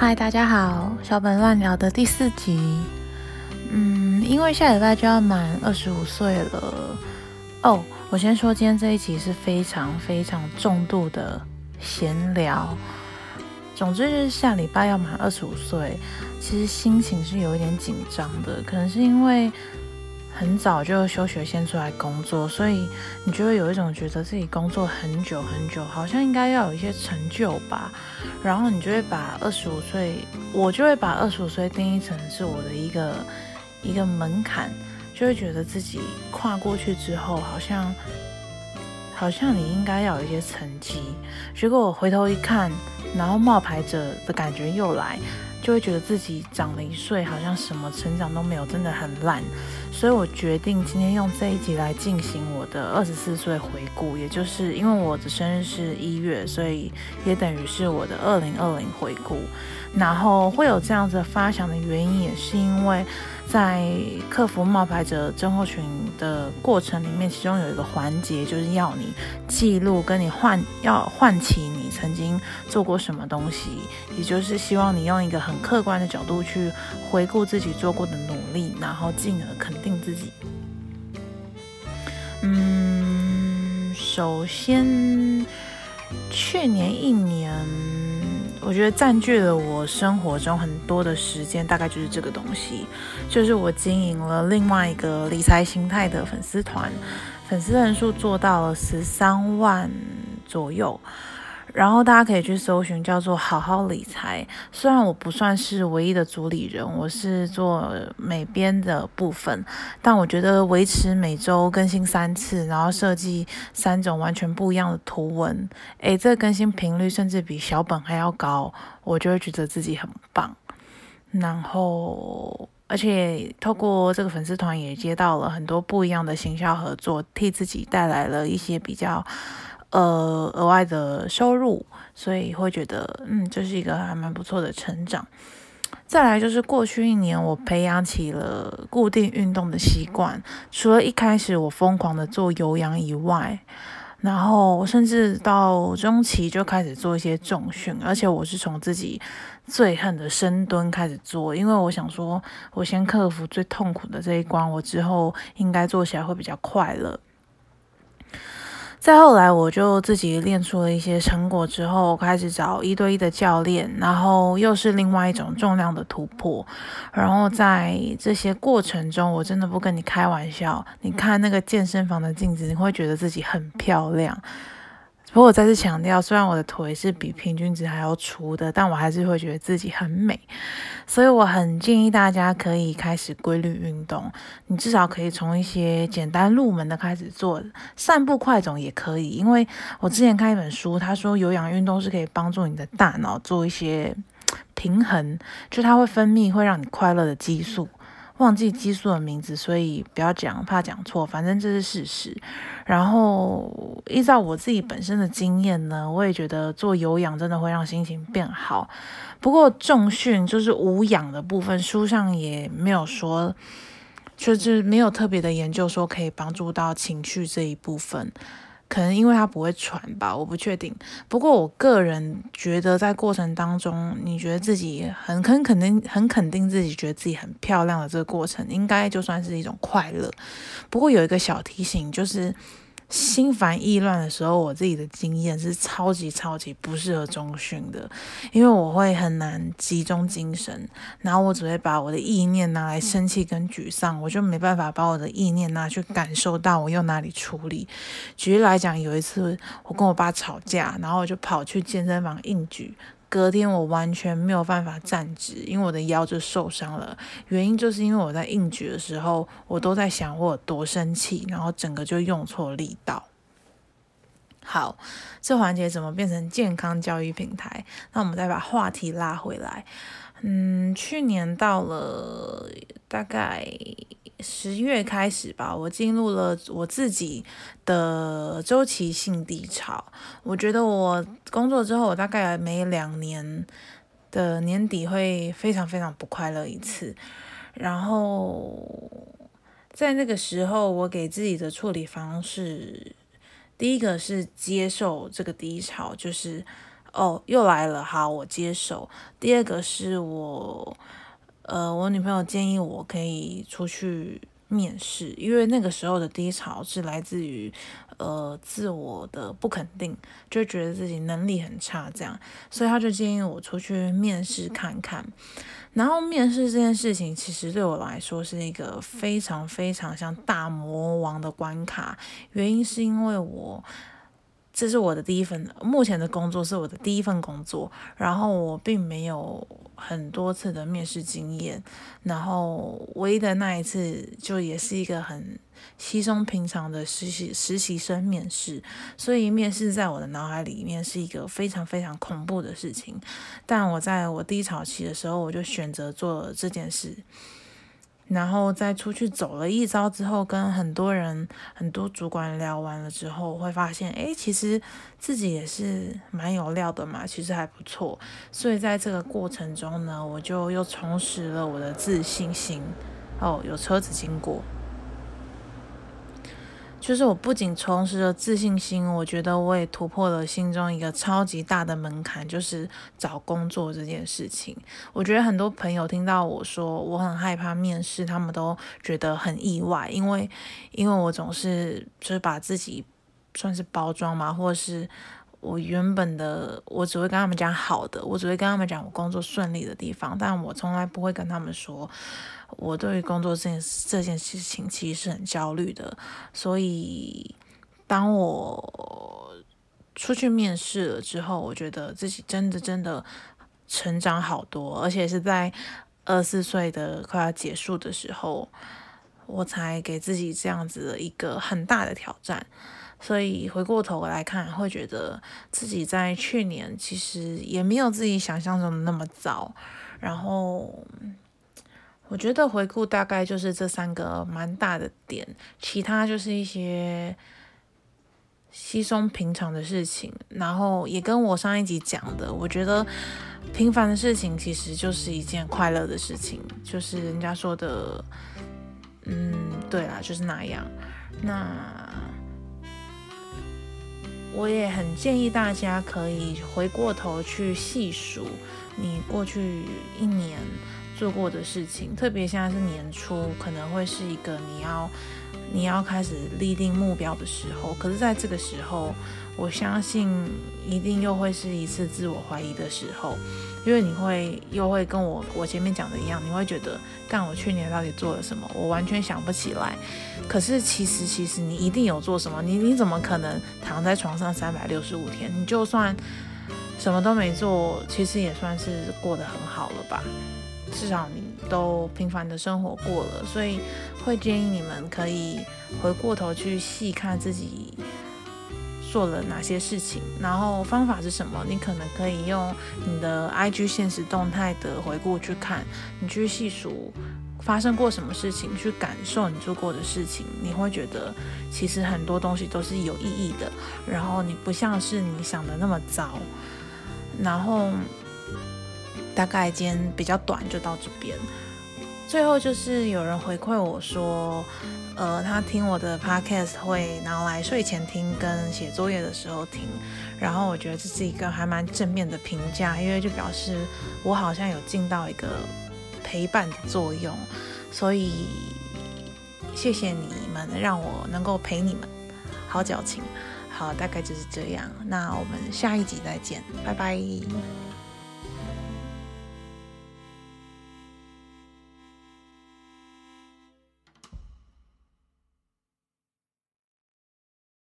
嗨，大家好，小本亂聊的第四集。嗯，因為下禮拜就要滿二十五歲了哦。Oh, 我先說今天這一集是非常非常重度的閒聊。總之就是下禮拜要滿二十五歲，其實心情是有一點緊張的，可能是因為，很早就休學，先出來工作，所以你就會有一種覺得自己工作很久很久，好像應該要有一些成就吧？然後你就會把二十五歲，我就會把二十五歲定義成是我的一個一個門檻，就會覺得自己跨過去之後，好像好像你應該要有一些成績。結果我回頭一看，然後冒牌者的感覺又來。就會覺得自己長了一歲，好像什麼成長都沒有，真的很爛。所以我決定今天用這一集來進行我的二十四歲回顧，也就是因為我的生日是一月，所以也等於是我的二零二零回顧。然後會有這樣子發想的原因，也是因為在克服冒牌者症候群的過程裡面，其中有一個環節就是要你記錄，跟你喚，要喚起，曾經做過什麼東西，也就是希望你用一個很客觀的角度去回顧自己做過的努力，然後進而肯定自己。嗯，首先，去年一年，我覺得占據了我生活中很多的時間，大概就是這個東西，就是我經營了另外一個理財形態的粉絲團，粉絲人數做到了十三萬左右。然後大家可以去搜尋叫做“好好理財”。雖然我不算是唯一的主理人，我是做美編的部分，但我覺得維持每周更新三次，然後設計三種完全不一樣的圖文，誒，這個、更新頻率甚至比小本還要高，我就會覺得自己很棒。然後，而且透過這個粉絲團，也接到了很多不一樣的行銷合作，替自己帶來了一些比較。呃，額外的收入，所以會覺得，嗯，這、就是一個還蠻不錯的成長。再來就是過去一年，我培養起了固定運動的習慣。除了一開始我瘋狂的做有氧以外，然後甚至到中期就開始做一些重訓，而且我是從自己最恨的深蹲開始做，因為我想說，我先克服最痛苦的這一關，我之後應該做起來會比較快樂。再後來，我就自己練出了一些成果之後，開始找一對一的教練，然後又是另外一種重量的突破。然後在這些過程中，我真的不跟你開玩笑，你看那個健身房的鏡子，你會覺得自己很漂亮。不過我再次強調，雖然我的腿是比平均值還要粗的，但我還是會覺得自己很美。所以我很建議大家可以開始規律運動，你至少可以從一些簡單入門的開始做，散步快走也可以。因為我之前看一本書，它說有氧運動是可以幫助你的大腦做一些平衡，就它會分泌會讓你快樂的激素。忘記激素的名字，所以不要講，怕講錯。反正這是事實。然後依照我自己本身的經驗呢，我也覺得做有氧真的會讓心情變好。不過重訓就是無氧的部分，書上也沒有說，就是沒有特別的研究說可以幫助到情緒這一部分。可能因為他不會喘吧，我不確定。不過我個人覺得，在過程當中，你覺得自己很肯肯定，很肯定自己，覺得自己很漂亮的這個過程，應該就算是一種快樂。不過有一個小提醒就是。心煩意亂的時候，我自己的經驗是超級超級不適合重訓的，因為我會很難集中精神，然後我只會把我的意念拿來生氣跟沮喪，我就沒辦法把我的意念拿去感受到我用哪裡處理。舉例來講，有一次我跟我爸吵架，然後我就跑去健身房硬舉。隔天我完全沒有辦法站直，因為我的腰就受傷了。原因就是因為我在硬舉的時候，我都在想我有多生氣，然後整個就用錯力道。好，這環節怎麼變成健康教育平台？那我們再把話題拉回來。嗯，去年到了大概。十月開始吧，我進入了我自己的週期性低潮。我覺得我工作之後，我大概每兩年的年底會非常非常不快樂一次。然後在那個時候，我給自己的處理方式，第一個是接受這個低潮，就是哦又來了，好我接受。第二個是我。呃，我女朋友建議我可以出去面試，因為那個時候的低潮是來自於呃自我的不肯定，就覺得自己能力很差這樣，所以她就建議我出去面試看看。然後面試這件事情其實對我來說是一個非常非常像大魔王的關卡，原因是因為我。這是我的第一份，目前的工作是我的第一份工作。然後我並沒有很多次的面試經驗，然後唯一的那一次就也是一個很稀鬆平常的實習實習生面試。所以面試在我的腦海裡面是一個非常非常恐怖的事情。但我在我低潮期的時候，我就選擇做這件事。然後再出去走了一遭之後，跟很多人、很多主管聊完了之後，會發現，誒，其實自己也是蠻有料的嘛，其實還不錯。所以在這個過程中呢，我就又重拾了我的自信心。哦，有車子經過。就是我不僅充實了自信心，我覺得我也突破了心中一個超級大的門檻，就是找工作這件事情。我覺得很多朋友聽到我說我很害怕面試，他們都覺得很意外，因為因為我總是就是把自己算是包裝嘛，或者是。我原本的，我只會跟他們講好的，我只會跟他們講我工作順利的地方，但我從來不會跟他們說我對於工作這件這件事情其實是很焦慮的。所以當我出去面試了之後，我覺得自己真的真的成長好多，而且是在二十四歲的快要結束的時候，我才給自己這樣子一個很大的挑戰。所以回過頭來看，會覺得自己在去年其實也沒有自己想象中的那麼糟。然後我覺得回顧大概就是這三個蠻大的點，其他就是一些稀鬆平常的事情。然後也跟我上一集講的，我覺得平凡的事情其實就是一件快樂的事情，就是人家說的，嗯，對啦，就是那樣。那。我也很建議大家可以回過頭去細數你過去一年，做過的事情，特別現在是年初，可能會是一個你要你要開始立定目標的時候。可是，在這個時候，我相信一定又會是一次自我懷疑的時候，因為你會又會跟我我前面講的一樣，你會覺得幹我去年到底做了什麼，我完全想不起來。可是，其實其實你一定有做什麼，你你怎麼可能躺在床上三百六十五天？你就算什麼都沒做，其實也算是過得很好了吧？至少你都平凡的生活過了，所以會建議你們可以回過頭去細看自己做了哪些事情，然後方法是什麼。你可能可以用你的 IG 限時動態的回顧去看，你去細數發生過什麼事情，去感受你做過的事情，你會覺得其實很多東西都是有意義的。然後你不像是你想的那麼糟，然後。大概今天比較短，就到這邊。最後就是有人回饋我說，呃，他聽我的 podcast 會拿來睡前聽跟寫作業的時候聽，然後我覺得這是一個還蠻正面的評價，因為就表示我好像有盡到一個陪伴的作用，所以謝謝你們讓我能夠陪你們，好矯情。好，大概就是這樣，那我們下一集再見，拜拜。